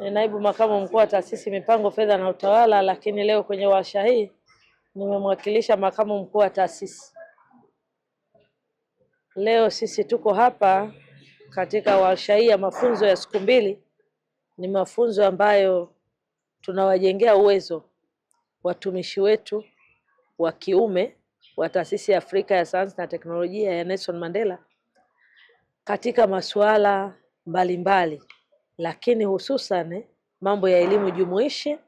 ni Naibu makamu mkuu wa taasisi mipango fedha na utawala, lakini leo kwenye warsha hii nimemwakilisha makamu mkuu wa taasisi. Leo sisi tuko hapa katika warsha hii ya mafunzo ya siku mbili. Ni mafunzo ambayo tunawajengea uwezo watumishi wetu wa kiume wa taasisi ya Afrika ya sayansi na teknolojia ya Nelson Mandela katika masuala mbalimbali lakini hususan eh, mambo ya elimu jumuishi,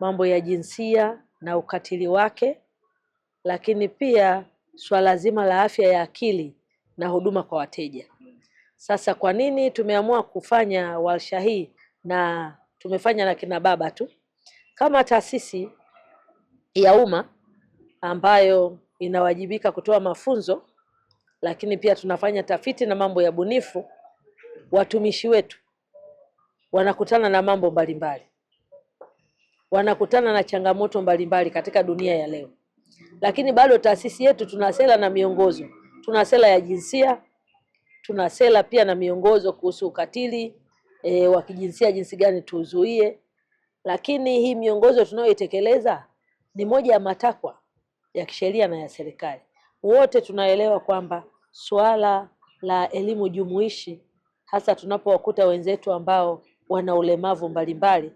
mambo ya jinsia na ukatili wake, lakini pia swala zima la afya ya akili na huduma kwa wateja. Sasa kwa nini tumeamua kufanya warsha hii na tumefanya na kina baba tu kama taasisi ya umma ambayo inawajibika kutoa mafunzo, lakini pia tunafanya tafiti na mambo ya bunifu. Watumishi wetu wanakutana na mambo mbalimbali mbali. wanakutana na changamoto mbalimbali mbali katika dunia ya leo, lakini bado taasisi yetu tuna sera na miongozo, tuna sera ya jinsia, tuna sera pia na miongozo kuhusu ukatili e, wa kijinsia, jinsi gani tuzuie. Lakini hii miongozo tunayoitekeleza ni moja ya matakwa ya kisheria na ya serikali. Wote tunaelewa kwamba suala la elimu jumuishi hasa tunapowakuta wenzetu ambao wana ulemavu mbalimbali,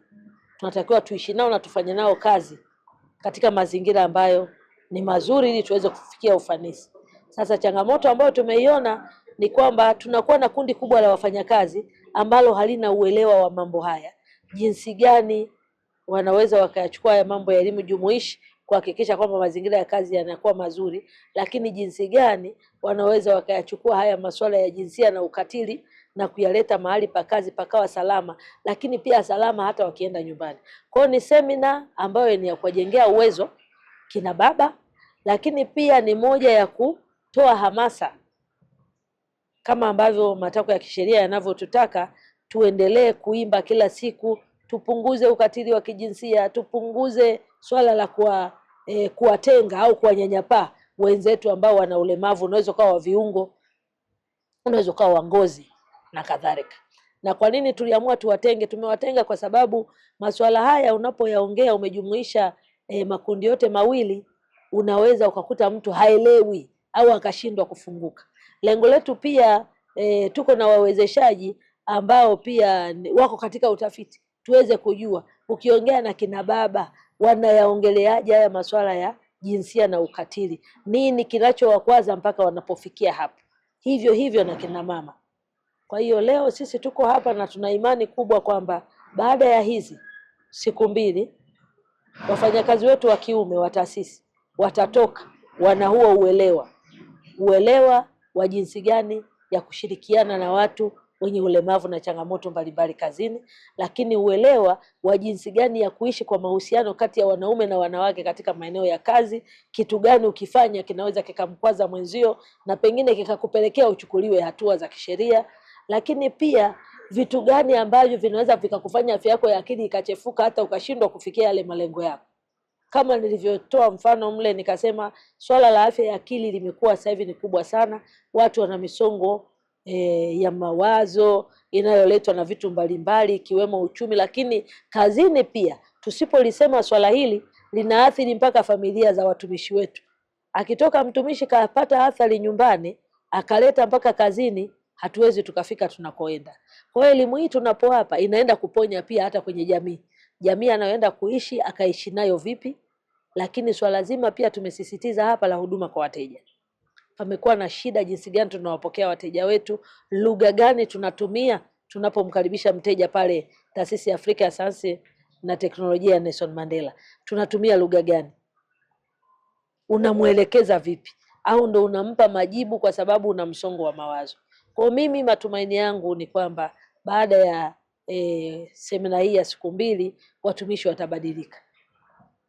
tunatakiwa tuishi nao na tufanye nao kazi katika mazingira ambayo ni mazuri, ili tuweze kufikia ufanisi. Sasa changamoto ambayo tumeiona ni kwamba tunakuwa na kundi kubwa la wafanyakazi ambalo halina uelewa wa mambo haya, jinsi gani wanaweza wakayachukua haya mambo ya elimu jumuishi kuhakikisha kwamba mazingira ya kazi yanakuwa mazuri, lakini jinsi gani wanaweza wakayachukua haya masuala ya jinsia na ukatili na kuyaleta mahali pa kazi pakawa salama, lakini pia salama hata wakienda nyumbani. Kwa hiyo ni semina ambayo ni ya kuwajengea uwezo kina baba, lakini pia ni moja ya kutoa hamasa kama ambavyo matakwa ya kisheria yanavyotutaka tuendelee kuimba kila siku, tupunguze ukatili wa kijinsia, tupunguze swala la kuwa, eh, kuwatenga au kuwanyanyapaa wenzetu ambao wana ulemavu. Unaweza ukawa wa viungo, unaweza ukawa wa ngozi, na kadhalika. Na kwa nini tuliamua tuwatenge? Tumewatenga kwa sababu masuala haya unapoyaongea umejumuisha eh, makundi yote mawili, unaweza ukakuta mtu haelewi au akashindwa kufunguka. Lengo letu pia eh, tuko na wawezeshaji ambao pia wako katika utafiti, tuweze kujua ukiongea na kina baba wanayaongeleaje haya masuala ya jinsia na ukatili, nini kinachowakwaza mpaka wanapofikia hapo. Hivyo hivyo na kina mama. Kwa hiyo leo sisi tuko hapa na tuna imani kubwa kwamba baada ya hizi siku mbili wafanyakazi wetu wa kiume wa taasisi watatoka wana huo uelewa, uelewa wa jinsi gani ya kushirikiana na watu wenye ulemavu na changamoto mbalimbali kazini, lakini uelewa wa jinsi gani ya kuishi kwa mahusiano kati ya wanaume na wanawake katika maeneo ya kazi. Kitu gani ukifanya kinaweza kikamkwaza mwenzio na pengine kikakupelekea uchukuliwe hatua za kisheria lakini pia vitu gani ambavyo vinaweza vikakufanya afya yako ya akili ikachefuka hata ukashindwa kufikia yale malengo yako. Kama nilivyotoa mfano mle, nikasema swala la afya ya akili limekuwa sasa hivi ni kubwa sana. Watu wana misongo e, ya mawazo inayoletwa na vitu mbalimbali ikiwemo uchumi, lakini kazini pia. Tusipolisema swala hili linaathiri mpaka familia za watumishi wetu. Akitoka mtumishi kapata athari nyumbani, akaleta mpaka kazini hatuwezi tukafika tunakoenda. Kwa hiyo elimu hii tunapowapa inaenda kuponya pia hata kwenye jamii, jamii anayoenda kuishi akaishi nayo vipi. Lakini swala zima pia tumesisitiza hapa la huduma kwa wateja, pamekuwa na shida jinsi gani tunawapokea wateja wetu, lugha gani tunatumia tunapomkaribisha mteja pale Taasisi ya Afrika ya Sayansi na Teknolojia ya Nelson Mandela, tunatumia lugha gani? Unamwelekeza vipi? Au ndo unampa majibu kwa sababu una msongo wa mawazo? Kwa mimi matumaini yangu ni kwamba baada ya e, semina hii ya siku mbili watumishi watabadilika,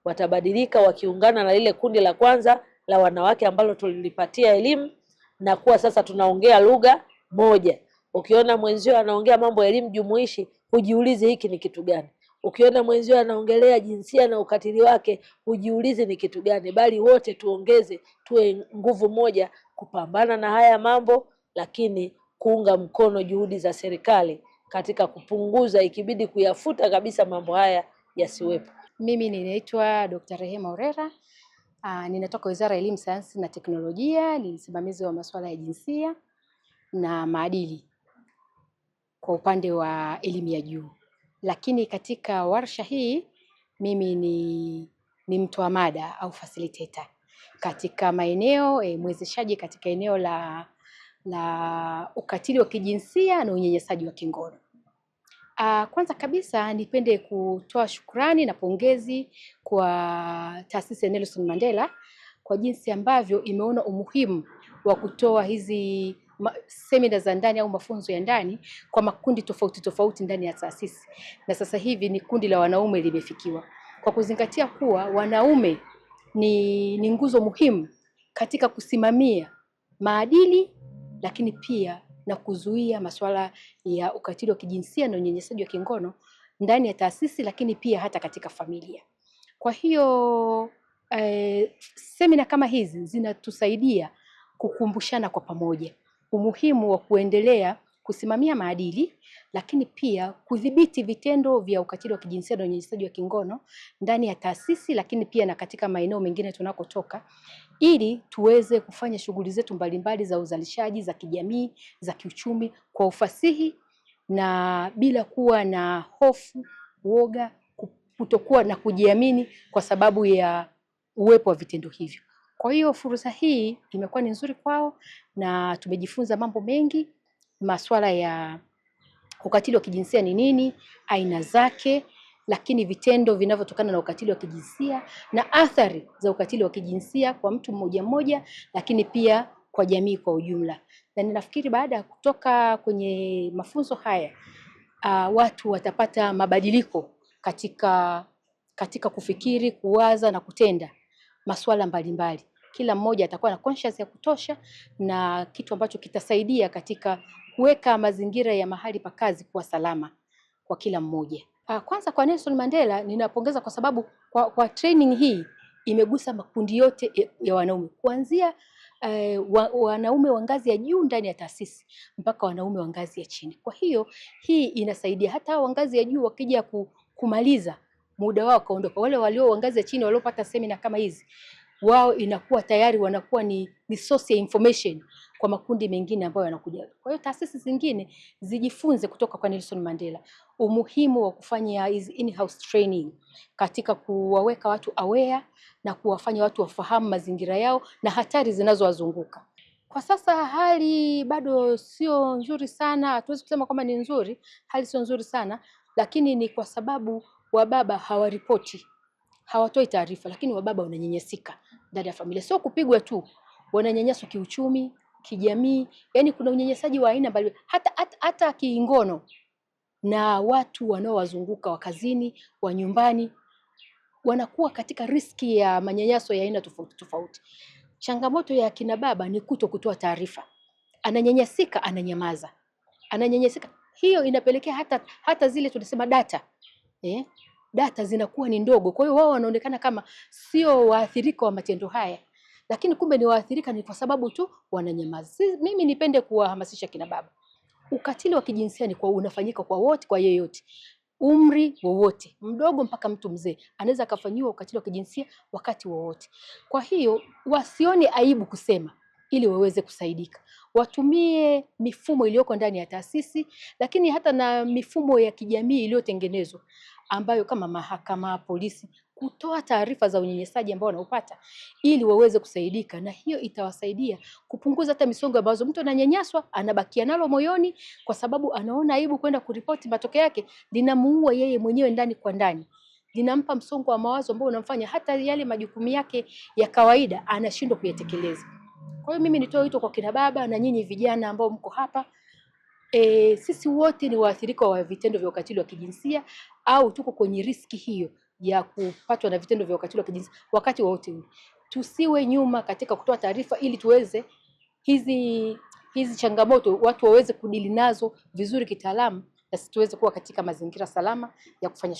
watabadilika wakiungana na lile kundi la kwanza la wanawake ambalo tulilipatia elimu na kuwa sasa tunaongea lugha moja. Ukiona mwenzio anaongea mambo ya elimu jumuishi, hujiulizi hiki ni kitu gani? Ukiona mwenzio anaongelea jinsia na ukatili wake, hujiulizi ni kitu gani? Bali wote tuongeze, tuwe nguvu moja kupambana na haya mambo lakini kuunga mkono juhudi za serikali katika kupunguza, ikibidi kuyafuta kabisa, mambo haya yasiwepo. Mimi ninaitwa Dr. Rehema Orera. Aa, ah, ninatoka Wizara ya Elimu, Sayansi na Teknolojia, ni msimamizi wa masuala ya jinsia na maadili kwa upande wa elimu ya juu. Lakini katika warsha hii mimi ni, ni mtoa mada au facilitator katika maeneo e, mwezeshaji katika eneo la la ukatili wa kijinsia na unyanyasaji wa kingono. Uh, kwanza kabisa nipende kutoa shukrani na pongezi kwa taasisi ya Nelson Mandela kwa jinsi ambavyo imeona umuhimu wa kutoa hizi semina za ndani au mafunzo ya ndani kwa makundi tofauti tofauti ndani ya taasisi, na sasa hivi ni kundi la wanaume limefikiwa, kwa kuzingatia kuwa wanaume ni, ni nguzo muhimu katika kusimamia maadili lakini pia na kuzuia masuala ya ukatili wa kijinsia na unyanyasaji wa kingono ndani ya taasisi, lakini pia hata katika familia. Kwa hiyo eh, semina kama hizi zinatusaidia kukumbushana kwa pamoja umuhimu wa kuendelea kusimamia maadili, lakini pia kudhibiti vitendo vya ukatili wa kijinsia na unyanyasaji wa kingono ndani ya taasisi, lakini pia na katika maeneo mengine tunakotoka, ili tuweze kufanya shughuli zetu mbalimbali za uzalishaji, za kijamii, za kiuchumi kwa ufasihi na bila kuwa na hofu, uoga, kutokuwa na kujiamini kwa sababu ya uwepo wa vitendo hivyo. Kwa hiyo fursa hii imekuwa ni nzuri kwao na tumejifunza mambo mengi masuala ya ukatili wa kijinsia ni nini, aina zake, lakini vitendo vinavyotokana na ukatili wa kijinsia na athari za ukatili wa kijinsia kwa mtu mmoja mmoja, lakini pia kwa jamii kwa ujumla. Na ninafikiri baada ya kutoka kwenye mafunzo haya uh, watu watapata mabadiliko katika katika kufikiri, kuwaza na kutenda masuala mbalimbali. Kila mmoja atakuwa na conscious ya kutosha na kitu ambacho kitasaidia katika kuweka mazingira ya mahali pa kazi kuwa salama kwa kila mmoja. Ah, kwanza kwa Nelson Mandela ninapongeza kwa sababu kwa, kwa training hii imegusa makundi yote ya wanaume kuanzia eh, wa, wanaume wa ngazi ya juu ndani ya taasisi mpaka wanaume wa ngazi ya chini. Kwa hiyo hii inasaidia hata wa ngazi ya juu wakija kumaliza muda wao kaondoka, wale walio wa ngazi ya chini waliopata semina kama hizi, wao inakuwa tayari wanakuwa ni, ni source ya information kwa makundi mengine ambayo yanakuja. Kwa hiyo taasisi zingine zijifunze kutoka kwa Nelson Mandela umuhimu wa kufanya hizi in-house training katika kuwaweka watu aware na kuwafanya watu wafahamu mazingira yao na hatari zinazowazunguka. Kwa sasa hali bado sio nzuri sana, hatuwezi kusema kwamba ni nzuri, hali sio nzuri sana, lakini ni kwa sababu wababa hawaripoti, hawatoi taarifa, lakini wababa wananyanyasika ndani ya familia, sio kupigwa tu, wananyanyaswa kiuchumi, kijamii, yani kuna unyanyasaji wa aina mbalimbali, hata, hata, hata kiingono na watu wanaowazunguka wa kazini, wa nyumbani, wanakuwa katika riski ya manyanyaso ya aina tofauti tofauti. Changamoto ya kina baba ni kuto kutoa taarifa. Ananyanyasika, ananyamaza, ananyanyasika. Hiyo inapelekea hata, hata zile tunasema data eh, data zinakuwa ni ndogo, kwa hiyo wao wanaonekana kama sio waathirika wa matendo haya, lakini kumbe ni waathirika ni kwa sababu tu wananyamaza. Mimi nipende kuwahamasisha kina baba, ukatili wa kijinsia ni kwa unafanyika kwa wote, kwa yeyote umri wowote, mdogo mpaka mtu mzee anaweza akafanyiwa ukatili wa kijinsia wakati wowote. Kwa hiyo wasione aibu kusema ili waweze kusaidika, watumie mifumo iliyoko ndani ya taasisi, lakini hata na mifumo ya kijamii iliyotengenezwa ambayo kama mahakama, polisi kutoa taarifa za unyanyasaji ambao wanaopata ili waweze kusaidika, na hiyo itawasaidia kupunguza hata misongo ambazo mtu ananyanyaswa anabakia nalo moyoni, kwa sababu anaona aibu kwenda kuripoti. Matokeo yake linamuua yeye mwenyewe ndani kwa ndani, linampa msongo wa mawazo ambao unamfanya hata yale majukumu yake ya kawaida anashindwa kuyatekeleza. Kwa hiyo mimi nitoe wito kwa kina baba na nyinyi vijana ambao mko hapa e, sisi wote ni waathirika wa vitendo vya ukatili wa kijinsia au tuko kwenye riski hiyo ya kupatwa na vitendo vya ukatili wa kijinsia wakati wote ule. Tusiwe nyuma katika kutoa taarifa ili tuweze hizi hizi changamoto watu waweze kudili nazo vizuri kitaalamu, na sisi tuweze kuwa katika mazingira salama ya kufanya